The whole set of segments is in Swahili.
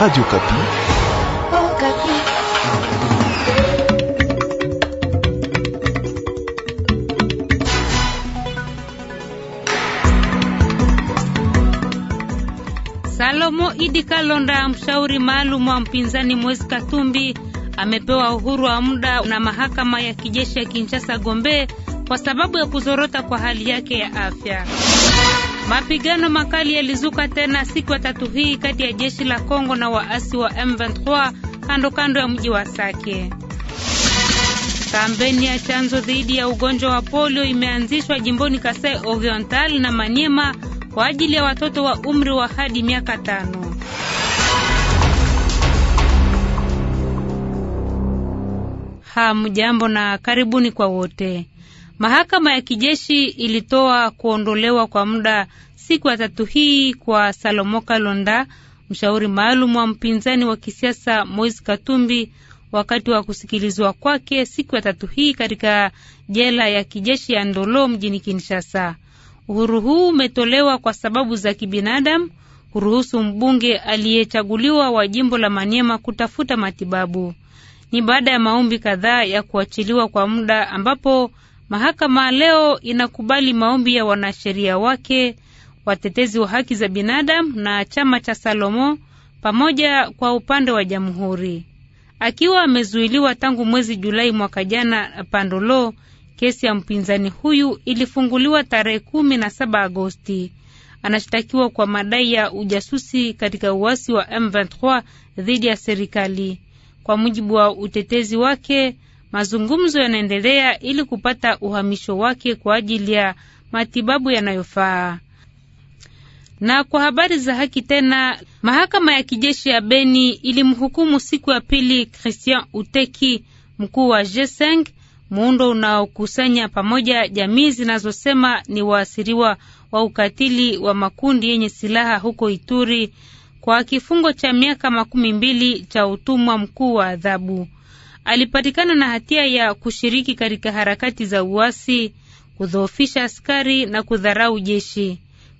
Radio Okapi. Salomo Idi Kalonda, mshauri maalum wa mpinzani Moise Katumbi, amepewa uhuru wa muda na mahakama ya kijeshi ya Kinshasa Gombe kwa sababu ya kuzorota kwa hali yake ya afya. Mapigano makali yalizuka tena siku ya tatu hii kati ya jeshi la Kongo na waasi wa M23 kando kando ya mji wa Sake. Kampeni ya chanzo dhidi ya ugonjwa wa polio imeanzishwa jimboni Kasai Oriental na Maniema kwa ajili ya watoto wa umri wa hadi miaka tano. Hamjambo na karibuni kwa wote. Mahakama ya kijeshi ilitoa kuondolewa kwa muda siku ya tatu hii kwa Salomoka Londa, mshauri maalum wa mpinzani wa kisiasa Moise Katumbi wakati wa kusikilizwa kwake siku ya tatu hii katika jela ya kijeshi ya Ndolo mjini Kinshasa. Uhuru huu umetolewa kwa sababu za kibinadamu kuruhusu mbunge aliyechaguliwa wa jimbo la Maniema kutafuta matibabu. Ni baada ya maombi kadhaa ya kuachiliwa kwa muda ambapo Mahakama leo inakubali maombi ya wanasheria wake, watetezi wa haki za binadamu na chama cha Salomo pamoja kwa upande wa jamhuri. Akiwa amezuiliwa tangu mwezi Julai mwaka jana, Pandolo, kesi ya mpinzani huyu ilifunguliwa tarehe kumi na saba Agosti. Anashtakiwa kwa madai ya ujasusi katika uasi wa M23 dhidi ya serikali. Kwa mujibu wa utetezi wake, Mazungumzo yanaendelea ili kupata uhamisho wake kwa ajili ya matibabu yanayofaa. Na kwa habari za haki tena, mahakama ya kijeshi ya Beni ilimhukumu siku ya pili Christian Uteki, mkuu wa G5, muundo unaokusanya pamoja jamii zinazosema ni waasiriwa wa ukatili wa makundi yenye silaha huko Ituri kwa kifungo cha miaka makumi mbili cha utumwa mkuu wa adhabu alipatikana na hatia ya kushiriki katika harakati za uasi, kudhoofisha askari na kudharau jeshi.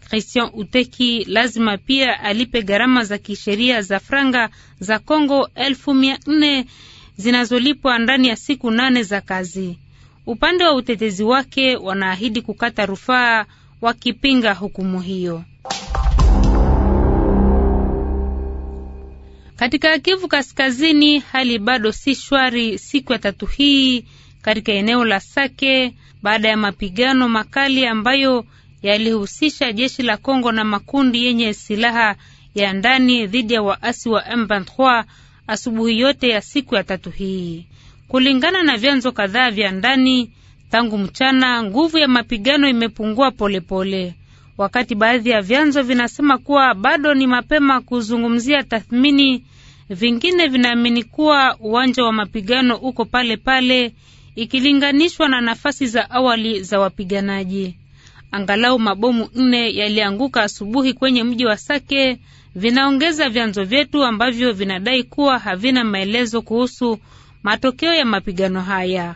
Christian Uteki lazima pia alipe gharama za kisheria za franga za congo elfu mia nne zinazolipwa ndani ya siku nane za kazi. Upande wa utetezi wake wanaahidi kukata rufaa wakipinga hukumu hiyo. Katika Kivu Kaskazini, hali bado si shwari siku ya tatu hii katika eneo la Sake baada ya mapigano makali ambayo yalihusisha jeshi la Kongo na makundi yenye silaha ya ndani dhidi ya waasi wa M23 asubuhi yote ya siku ya tatu hii. Kulingana na vyanzo kadhaa vya ndani, tangu mchana nguvu ya mapigano imepungua polepole pole wakati baadhi ya vyanzo vinasema kuwa bado ni mapema kuzungumzia tathmini, vingine vinaamini kuwa uwanja wa mapigano uko pale pale ikilinganishwa na nafasi za awali za wapiganaji. Angalau mabomu nne yalianguka asubuhi kwenye mji wa Sake, vinaongeza vyanzo vyetu ambavyo vinadai kuwa havina maelezo kuhusu matokeo ya mapigano haya.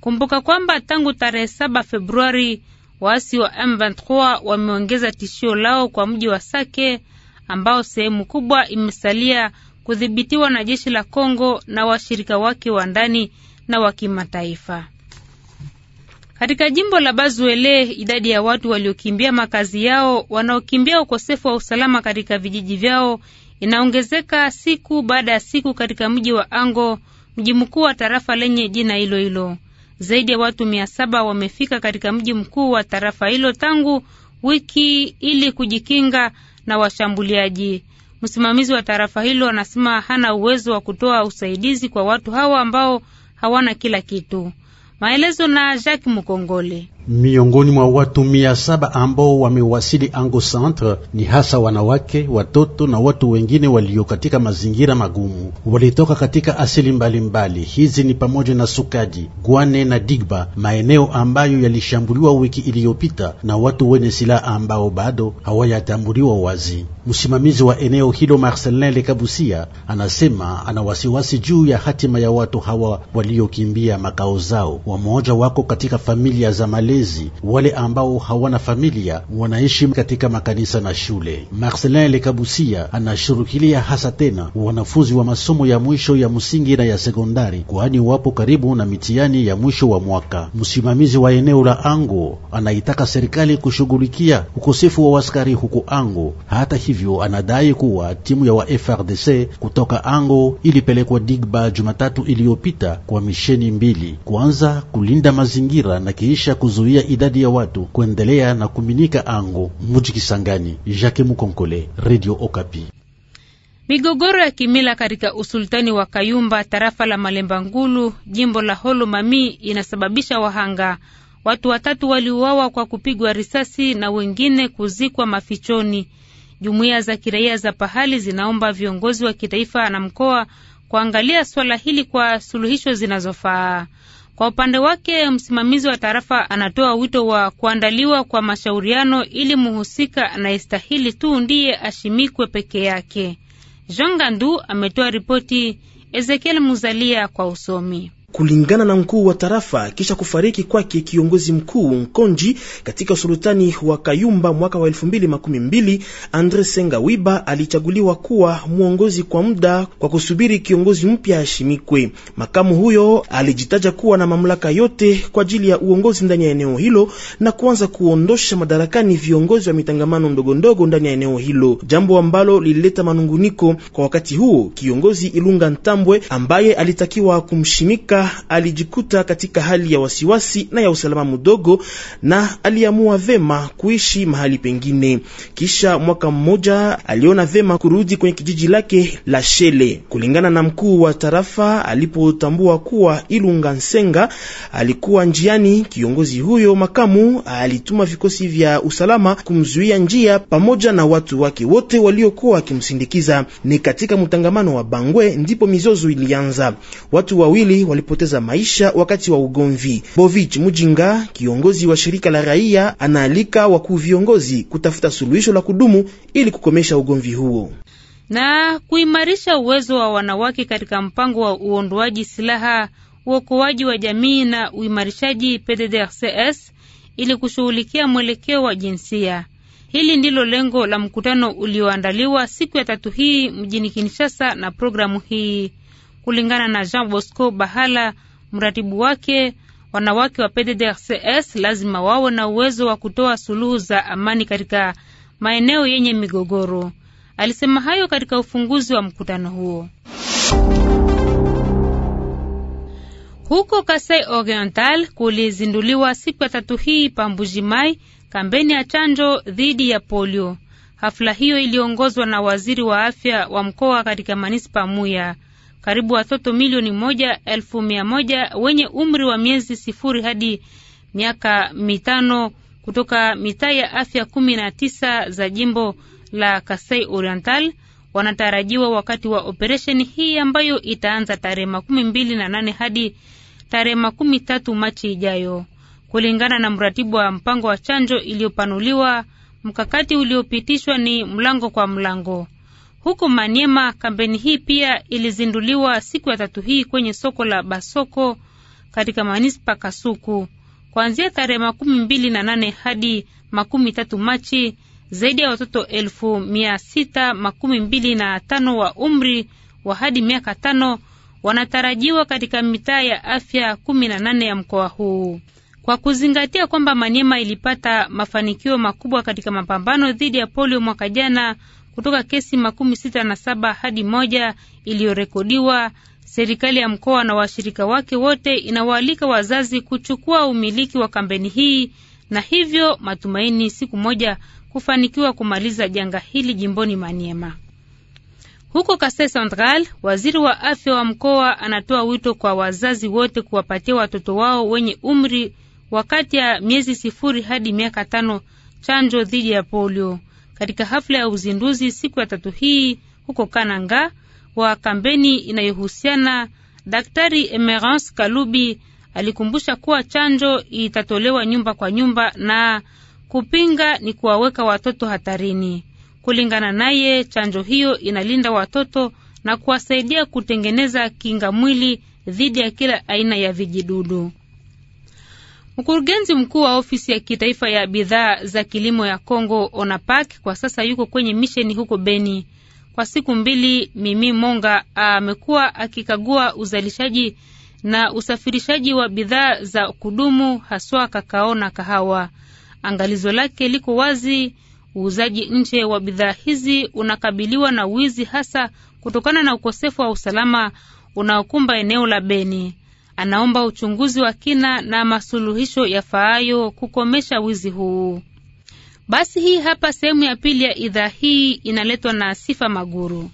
Kumbuka kwamba tangu tarehe 7 Februari Waasi wa M23 wameongeza tishio lao kwa mji wa Sake ambao sehemu kubwa imesalia kudhibitiwa na jeshi la Kongo na washirika wake wa ndani na wa kimataifa. Katika jimbo la Bazuele, idadi ya watu waliokimbia makazi yao wanaokimbia ukosefu wa usalama katika vijiji vyao inaongezeka siku baada ya siku katika mji wa Ango, mji mkuu wa tarafa lenye jina hilo hilo. Zaidi ya watu mia saba wamefika katika mji mkuu wa tarafa hilo tangu wiki ili kujikinga na washambuliaji. Msimamizi wa tarafa hilo anasema hana uwezo wa kutoa usaidizi kwa watu hawa ambao hawana kila kitu. Maelezo na Jacques Mukongole. Miongoni mwa watu mia saba ambao wamewasili Ango Centre ni hasa wanawake, watoto na watu wengine walio katika mazingira magumu. Walitoka katika asili mbalimbali mbali. Hizi ni pamoja na Sukaji, Gwane na Digba, maeneo ambayo yalishambuliwa wiki iliyopita na watu wenye silaha ambao bado hawayatambuliwa wazi. Msimamizi wa eneo hilo Marcelin Lekabusia anasema ana wasiwasi juu ya hatima ya watu hawa waliokimbia makao zao. Wamoja wako katika familia za Mali walezi, wale ambao hawana familia wanaishi katika makanisa na shule. Marcelin Lekabusia anashurukilia hasa tena wanafunzi wa masomo ya mwisho ya msingi na ya sekondari, kwani wapo karibu na mitihani ya mwisho wa mwaka. Msimamizi wa eneo la Ango anaitaka serikali kushughulikia ukosefu wa waskari huko Ango. Hata hivyo, anadai kuwa timu ya wa FRDC kutoka Ango ilipelekwa Digba Jumatatu iliyopita kwa misheni mbili, kwanza kulinda mazingira na kiisha kuzuia kuzuia idadi ya watu kuendelea na kuminika ango muji Kisangani. Jacques Mukonkole, Radio Okapi. Migogoro ya kimila katika usultani wa Kayumba, tarafa la Malemba Ngulu, jimbo la Holo Mami, inasababisha wahanga. Watu watatu waliuawa kwa kupigwa risasi na wengine kuzikwa mafichoni. Jumuiya za kiraia za pahali zinaomba viongozi wa kitaifa na mkoa kuangalia swala hili kwa suluhisho zinazofaa. Kwa upande wake, msimamizi wa tarafa anatoa wito wa kuandaliwa kwa mashauriano ili mhusika anayestahili tu ndiye ashimikwe peke yake. Jean Gandu ametoa ripoti. Ezekiel Muzalia kwa usomi kulingana na mkuu wa tarafa kisha kufariki kwake kiongozi mkuu Nkonji katika usultani wa Kayumba mwaka wa 2012, Andre Senga Wiba alichaguliwa kuwa mwongozi kwa muda kwa kusubiri kiongozi mpya ashimikwe. Makamu huyo alijitaja kuwa na mamlaka yote kwa ajili ya uongozi ndani ya eneo hilo na kuanza kuondosha madarakani viongozi wa mitangamano ndogondogo ndani ya eneo hilo, jambo ambalo lilileta manunguniko kwa wakati huo. Kiongozi Ilunga Ntambwe ambaye alitakiwa kumshimika alijikuta katika hali ya wasiwasi na ya usalama mdogo, na aliamua vema kuishi mahali pengine. Kisha mwaka mmoja aliona vema kurudi kwenye kijiji lake la Shele. Kulingana na mkuu wa tarafa, alipotambua kuwa Ilunga Nsenga alikuwa njiani, kiongozi huyo makamu alituma vikosi vya usalama kumzuia njia pamoja na watu wake wote waliokuwa wakimsindikiza. Ni katika mtangamano wa Bangwe ndipo mizozo ilianza. Watu wawili walipo kupoteza maisha wakati wa ugomvi. Bovich Mujinga, kiongozi wa shirika la raia, anaalika wakuu viongozi kutafuta suluhisho la kudumu ili kukomesha ugomvi huo na kuimarisha uwezo wa wanawake katika mpango wa uondoaji silaha, uokoaji wa jamii na uimarishaji PDDRCS ili kushughulikia mwelekeo wa jinsia. Hili ndilo lengo la mkutano ulioandaliwa siku ya tatu hii mjini Kinshasa na programu hii. Kulingana na Jean Bosco Bahala, mratibu wake, wanawake wa PDDRCS lazima wawe na uwezo wa kutoa suluhu za amani katika maeneo yenye migogoro. Alisema hayo katika ufunguzi wa mkutano huo. Huko Kasai Oriental kulizinduliwa siku ya tatu hii pa mai kambeni kampeni ya chanjo dhidi ya polio. Hafla hiyo iliongozwa na waziri wa afya wa mkoa katika manispa Muya karibu watoto milioni moja elfu mia moja wenye umri wa miezi sifuri hadi miaka mitano kutoka mitaa ya afya kumi na tisa za jimbo la Kasai Oriental wanatarajiwa wakati wa operesheni hii ambayo itaanza tarehe makumi mbili na nane hadi tarehe makumi tatu Machi ijayo, kulingana na mratibu wa mpango wa chanjo iliyopanuliwa. Mkakati uliopitishwa ni mlango kwa mlango. Huko Maniema, kampeni hii pia ilizinduliwa siku ya tatu hii kwenye soko la Basoko katika manispa Kasuku kuanzia tarehe makumi mbili na nane hadi makumi tatu Machi. Zaidi ya watoto elfu mia sita makumi mbili na tano wa umri wa hadi miaka tano wanatarajiwa katika mitaa ya afya kumi na nane ya mkoa huu. Kwa kuzingatia kwamba Maniema ilipata mafanikio makubwa katika mapambano dhidi ya polio mwaka jana, kutoka kesi makumi sita na saba hadi moja iliyorekodiwa. Serikali ya mkoa na washirika wake wote inawaalika wazazi kuchukua umiliki wa kampeni hii, na hivyo matumaini siku moja kufanikiwa kumaliza janga hili jimboni Maniema. Huko Kasai Central, waziri wa afya wa mkoa anatoa wito kwa wazazi wote kuwapatia watoto wao wenye umri wa kati ya miezi sifuri hadi miaka tano chanjo dhidi ya polio katika hafla ya uzinduzi siku ya tatu hii huko Kananga wa kampeni inayohusiana. Daktari Emerance Kalubi alikumbusha kuwa chanjo itatolewa nyumba kwa nyumba na kupinga ni kuwaweka watoto hatarini. Kulingana naye, chanjo hiyo inalinda watoto na kuwasaidia kutengeneza kinga mwili dhidi ya kila aina ya vijidudu. Mkurugenzi mkuu wa ofisi ya kitaifa ya bidhaa za kilimo ya congo ONAPAK kwa sasa yuko kwenye misheni huko Beni kwa siku mbili. Mimi Monga ah, amekuwa akikagua uzalishaji na usafirishaji wa bidhaa za kudumu haswa kakao na kahawa. Angalizo lake liko wazi: uuzaji nje wa bidhaa hizi unakabiliwa na wizi, hasa kutokana na ukosefu wa usalama unaokumba eneo la Beni anaomba uchunguzi wa kina na masuluhisho yafaayo kukomesha wizi huu. Basi hii hapa sehemu ya pili ya idhaa hii inaletwa na Sifa Maguru.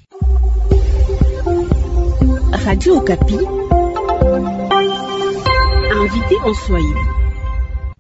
Radio Kapi. Invité en Swahili.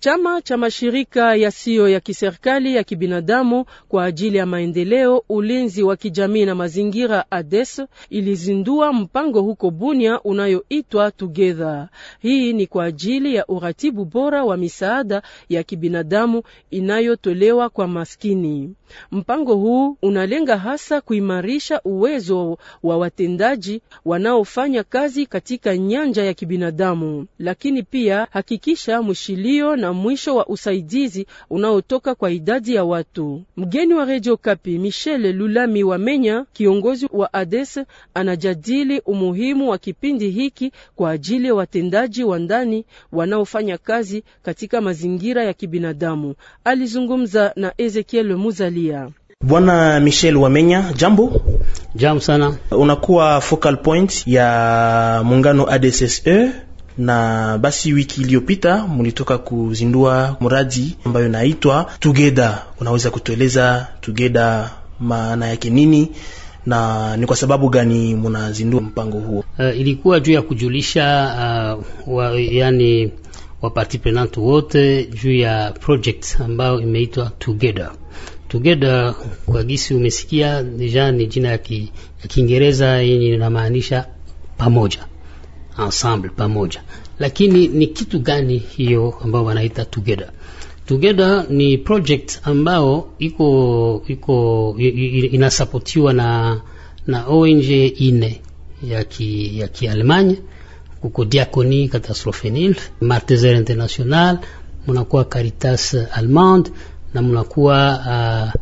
Chama cha mashirika yasiyo ya kiserikali ya kibinadamu kwa ajili ya maendeleo, ulinzi wa kijamii na mazingira ADES ilizindua mpango huko Bunia unayoitwa Together. Hii ni kwa ajili ya uratibu bora wa misaada ya kibinadamu inayotolewa kwa maskini. Mpango huu unalenga hasa kuimarisha uwezo wa watendaji wanaofanya kazi katika nyanja ya kibinadamu, lakini pia hakikisha mwishilio na mwisho wa usaidizi unaotoka kwa idadi ya watu. Mgeni wa Radio Kapi Michel Lulami Wamenya, kiongozi wa ADES, anajadili umuhimu wa kipindi hiki kwa ajili ya watendaji wa ndani wanaofanya kazi katika mazingira ya kibinadamu. Alizungumza na Ezekiel Muzalia. Bwana Michel Wamenya, jambo. Jambo sana. Unakuwa focal point ya muungano ADSSE na basi wiki iliyopita mulitoka kuzindua mradi ambayo naitwa Together. Unaweza kutueleza Together maana yake nini na ni kwa sababu gani munazindua mpango huo? Uh, ilikuwa juu ya kujulisha uh, wa, yani wapartiprenante wote juu ya project ambayo imeitwa Together. Together kwa gisi umesikia deja, ni jina ya Kiingereza yenye inamaanisha pamoja ensemble pamoja. Lakini ni kitu gani hiyo ambao wanaita together? Together ni project ambao iko iko inasapotiwa na na ONG ine ya ki ya Kialemanya kuko diakoni katastrophenil marteser International, munakuwa Caritas Allemande na munakuwa uh, ah,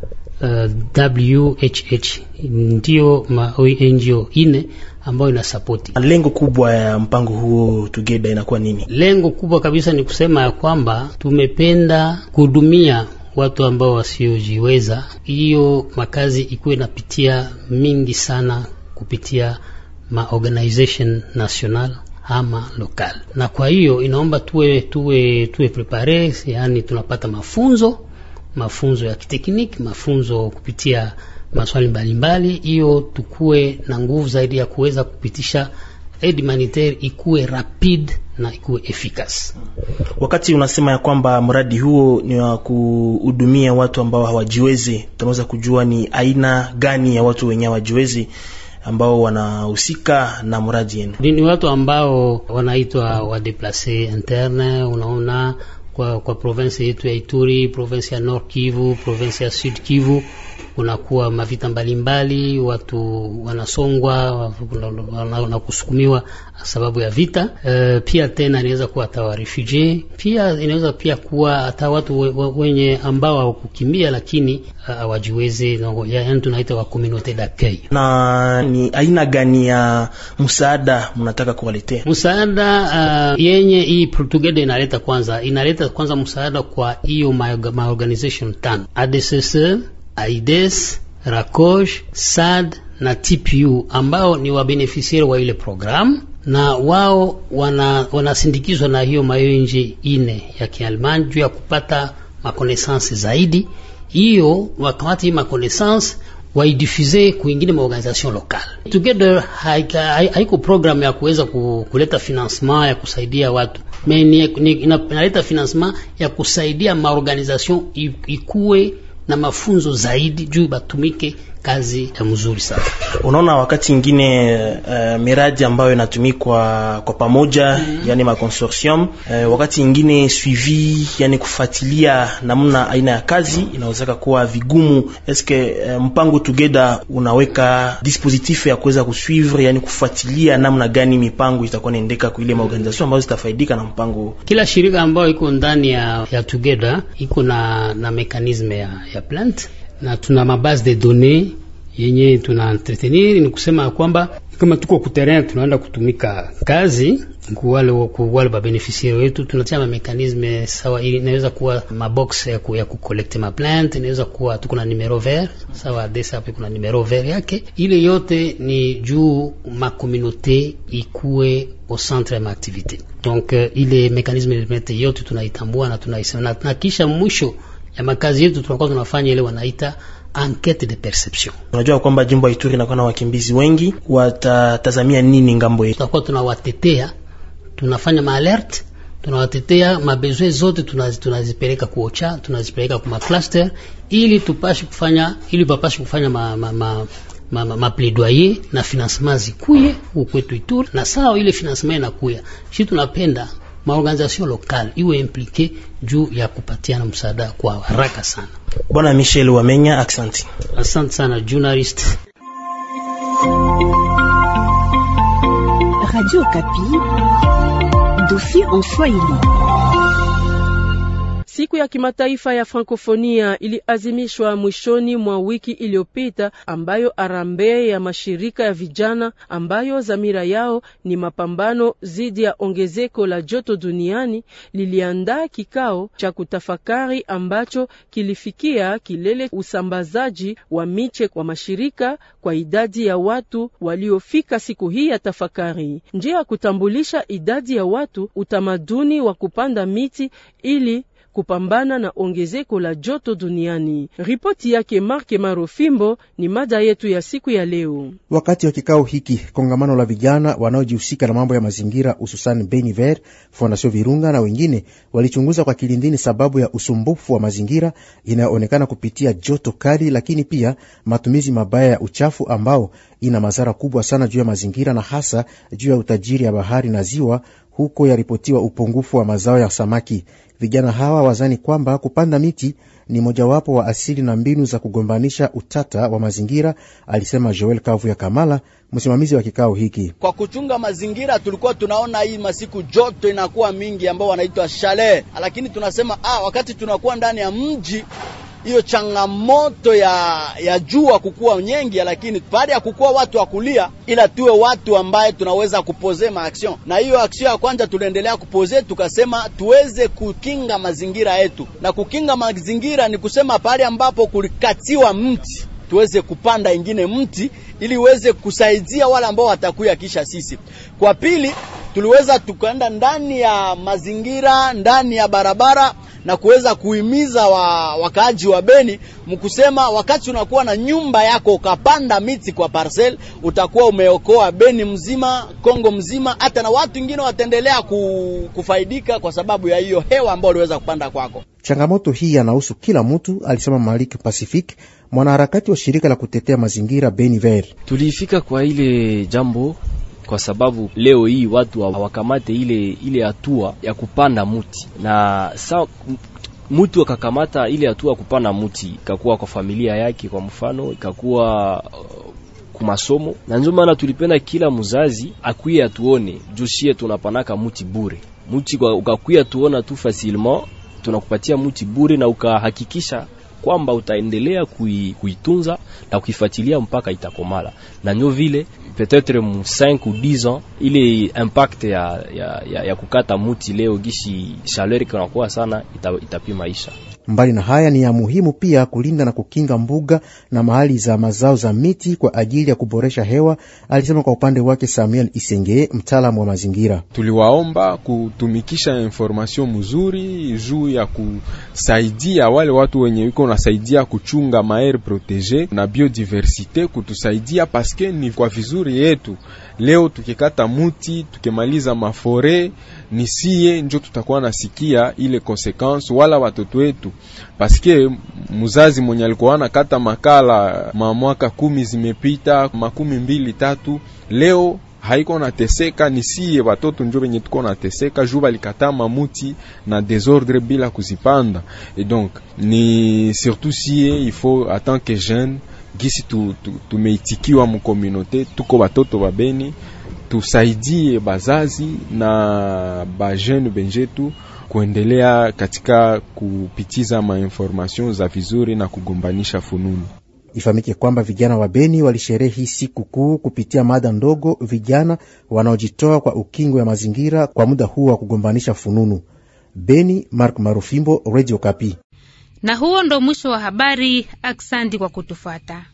WHH ndiyo ma NGO ine ambayo support. Lengo kubwa ya mpango huo together inakuwa nini? Lengo kubwa kabisa ni kusema ya kwamba tumependa kuhudumia watu ambao wasiojiweza, hiyo makazi ikuwe inapitia mingi sana kupitia ma organization national ama local, na kwa hiyo inaomba tuwe tuwe tuwe prepare, yani tunapata mafunzo mafunzo ya kitekniki, mafunzo kupitia maswali mbalimbali, hiyo tukue na nguvu zaidi ya kuweza kupitisha aid humanitaire ikuwe rapid na ikuwe efficas. Wakati unasema ya kwamba mradi huo ni wa kuhudumia watu ambao hawajiwezi, tunaweza kujua ni aina gani ya watu wenye hawajiwezi ambao wanahusika na mradi yenu? Ni watu ambao wanaitwa wadeplace interne, unaona com a, com a província de Ituri, província Norte Kivu, província Sud Kivu, kunakuwa mavita mbalimbali, watu wanasongwa na kusukumiwa sababu ya vita. E, pia tena inaweza kuwa hata refugee, pia inaweza pia kuwa hata watu wenye ambao hawakukimbia lakini hawajiwezi, yaani tunaita wa community d'accueil. Na ni aina gani ya msaada mnataka kuwaletea? Msaada uh, yenye hii Portuguese inaleta kwanza, inaleta kwanza msaada kwa hiyo maorganization tano ADCC AIDES, Rakosh, SAD na TPU ambao ni wabenefisieri wa ile programu na wao wanasindikizwa wana na hiyo mainji ine ya Kialemani juu ya kupata makonesansi zaidi. Hiyo wakawati hii makonesansi waidifuze kuingine maorganization lokale together. Haiko programu ya kuweza kuleta financement ya kusaidia watu me, inaleta financement ya kusaidia maorganization ikuwe na mafunzo zaidi juu batumike kazi ya mzuri sana. Unaona, wakati ingine uh, eh, miradi ambayo inatumikwa kwa pamoja mm -hmm. Yani ma consortium uh, eh, wakati ingine suivi, yani kufuatilia namna aina ya kazi inawezeka kuwa vigumu. Eske uh, eh, mpango together unaweka dispositif ya kuweza kusuivre, yani kufuatilia namna gani mipango itakuwa inaendeka kwa ile maorganization ambazo zitafaidika na mpango. Kila shirika ambayo iko ndani ya, ya together iko na, na mekanisme ya, ya plant na tuna mabase de donne yenye tuna entretenir. Ni kusema kwamba kama tuko kuterrain, tunaenda kutumika kazi kuwale wale babenefisiari wetu, tunatia mamekanisme sawa. Inaweza kuwa mabox ya ku, ya kucollect ma inaweza kuwa tuko na numero vert sawa, desa kuna numero vert yake. Ile yote ni juu ma communauté ikuwe au centre ya maaktivité. Donc euh, ile mekanisme yote tunaitambua na tunaisema na kisha mwisho ya makazi yetu tunakuwa tunafanya ile wanaita enquete de perception. Unajua kwamba jimbo ya Ituri inakuwa na wakimbizi wengi, watatazamia nini ngambo yetu? Tunakuwa tunawatetea, tunafanya maalerte, tunawatetea mabezwe zote tunazipeleka kuocha, tunazipeleka kuma cluster ili tupashe kufanya ili papashe kufanya ma, ma, ma, ma, ma, ma plaidoyer na financement zikuye huko kwetu Ituri, na sawa ile financement inakuya, sisi tunapenda maorganization lokal iwe implike juu ya kupatiana msaada kwa haraka sana. Bwana Michel Wamenya, asante. Asante sana journalist. Radio Kapi, dossier en Swahili. Siku ya kimataifa ya Frankofonia iliazimishwa mwishoni mwa wiki iliyopita, ambayo arambe ya mashirika ya vijana ambayo dhamira yao ni mapambano dhidi ya ongezeko la joto duniani liliandaa kikao cha kutafakari ambacho kilifikia kilele usambazaji wa miche kwa mashirika kwa idadi ya watu waliofika siku hii ya tafakari, njia ya kutambulisha idadi ya watu, utamaduni wa kupanda miti ili kupambana na ongezeko la joto duniani. Ripoti yake Marke Marofimbo ni mada yetu ya siku ya leo. Wakati wa kikao hiki kongamano la vijana wanaojihusika na mambo ya mazingira hususan Beniver, Fondation Virunga na wengine walichunguza kwa kilindini sababu ya usumbufu wa mazingira inayoonekana kupitia joto kali, lakini pia matumizi mabaya ya uchafu ambao ina madhara kubwa sana juu ya mazingira na hasa juu ya utajiri ya bahari na ziwa huko yaripotiwa upungufu wa mazao ya samaki. Vijana hawa wazani kwamba kupanda miti ni mojawapo wa asili na mbinu za kugombanisha utata wa mazingira, alisema Joel kavu ya Kamala, msimamizi wa kikao hiki. Kwa kuchunga mazingira, tulikuwa tunaona hii masiku joto inakuwa mingi, ambao wanaitwa shale, lakini tunasema ah, wakati tunakuwa ndani ya mji hiyo changamoto ya, ya jua kukuwa nyengi, lakini baada ya kukuwa watu wa kulia, ila tuwe watu ambaye tunaweza kupoze maaction, na hiyo action ya kwanza tunaendelea kupoze, tukasema tuweze kukinga mazingira yetu, na kukinga mazingira ni kusema pale ambapo kulikatiwa mti tuweze kupanda ingine mti ili uweze kusaidia wale ambao watakuya kisha sisi. Kwa pili, tuliweza tukaenda ndani ya mazingira, ndani ya barabara na kuweza kuhimiza wa, wakaaji wa Beni mkusema, wakati unakuwa na nyumba yako ukapanda miti kwa parcel, utakuwa umeokoa Beni mzima, Kongo mzima, hata na watu wengine wataendelea kufaidika kwa sababu ya hiyo hewa ambayo uliweza kupanda kwako. Changamoto hii yanahusu kila mtu, alisema Malik Pacific, mwanaharakati wa shirika la kutetea mazingira Beni Vert. Tulifika kwa ile jambo kwa sababu leo hii watu hawakamate ile ile hatua ya kupanda muti na sa mtu akakamata ile hatua kupanda muti, ikakuwa kwa familia yake, kwa mfano ikakuwa uh, kumasomo na ndio maana tulipenda kila mzazi akuye atuone jushie, tunapanaka muti bure. Muti ukakuya tuona tu facilement, tunakupatia muti bure na ukahakikisha kwamba utaendelea kuitunza na kuifuatilia mpaka itakomala, na ndio vile peut-être mu 5 ou 10 ans ile impact ya, ya, ya, ya kukata muti leo gishi chaleur kanakuwa sana itapi maisha Mbali na haya, ni ya muhimu pia kulinda na kukinga mbuga na mahali za mazao za miti kwa ajili ya kuboresha hewa, alisema kwa upande wake Samuel Isenge, mtaalamu wa mazingira. Tuliwaomba kutumikisha informasio mzuri juu ya kusaidia wale watu wenye iko nasaidia kuchunga maere protege na biodiversite, kutusaidia paske ni kwa vizuri yetu. Leo tukikata muti tukimaliza mafore ni siye njo tutakuwa nasikia ile konsekansi wala watoto wetu, paske muzazi mwenye alikuwa anakata makala ma mwaka kumi zimepita makumi mbili tatu leo haiko nateseka, ni siye watoto njo venye tuko nateseka juu balikataa mamuti na desordre bila kuzipanda. Et donc ni surtout siye ifo atant jeune gisi tumeitikiwa tu, tu mukomunote tuko batoto babeni tusaidie bazazi na bajene benjetu kuendelea katika kupitiza mainformation za vizuri na kugombanisha fununu. Ifahamike kwamba vijana wa Beni walisherehi sikukuu kupitia mada ndogo, vijana wanaojitoa kwa ukingo ya mazingira kwa muda huo wa kugombanisha fununu. Beni, Mark Marufimbo, Radio Kapi. Na huo ndo mwisho wa habari. Aksandi kwa kutufuata.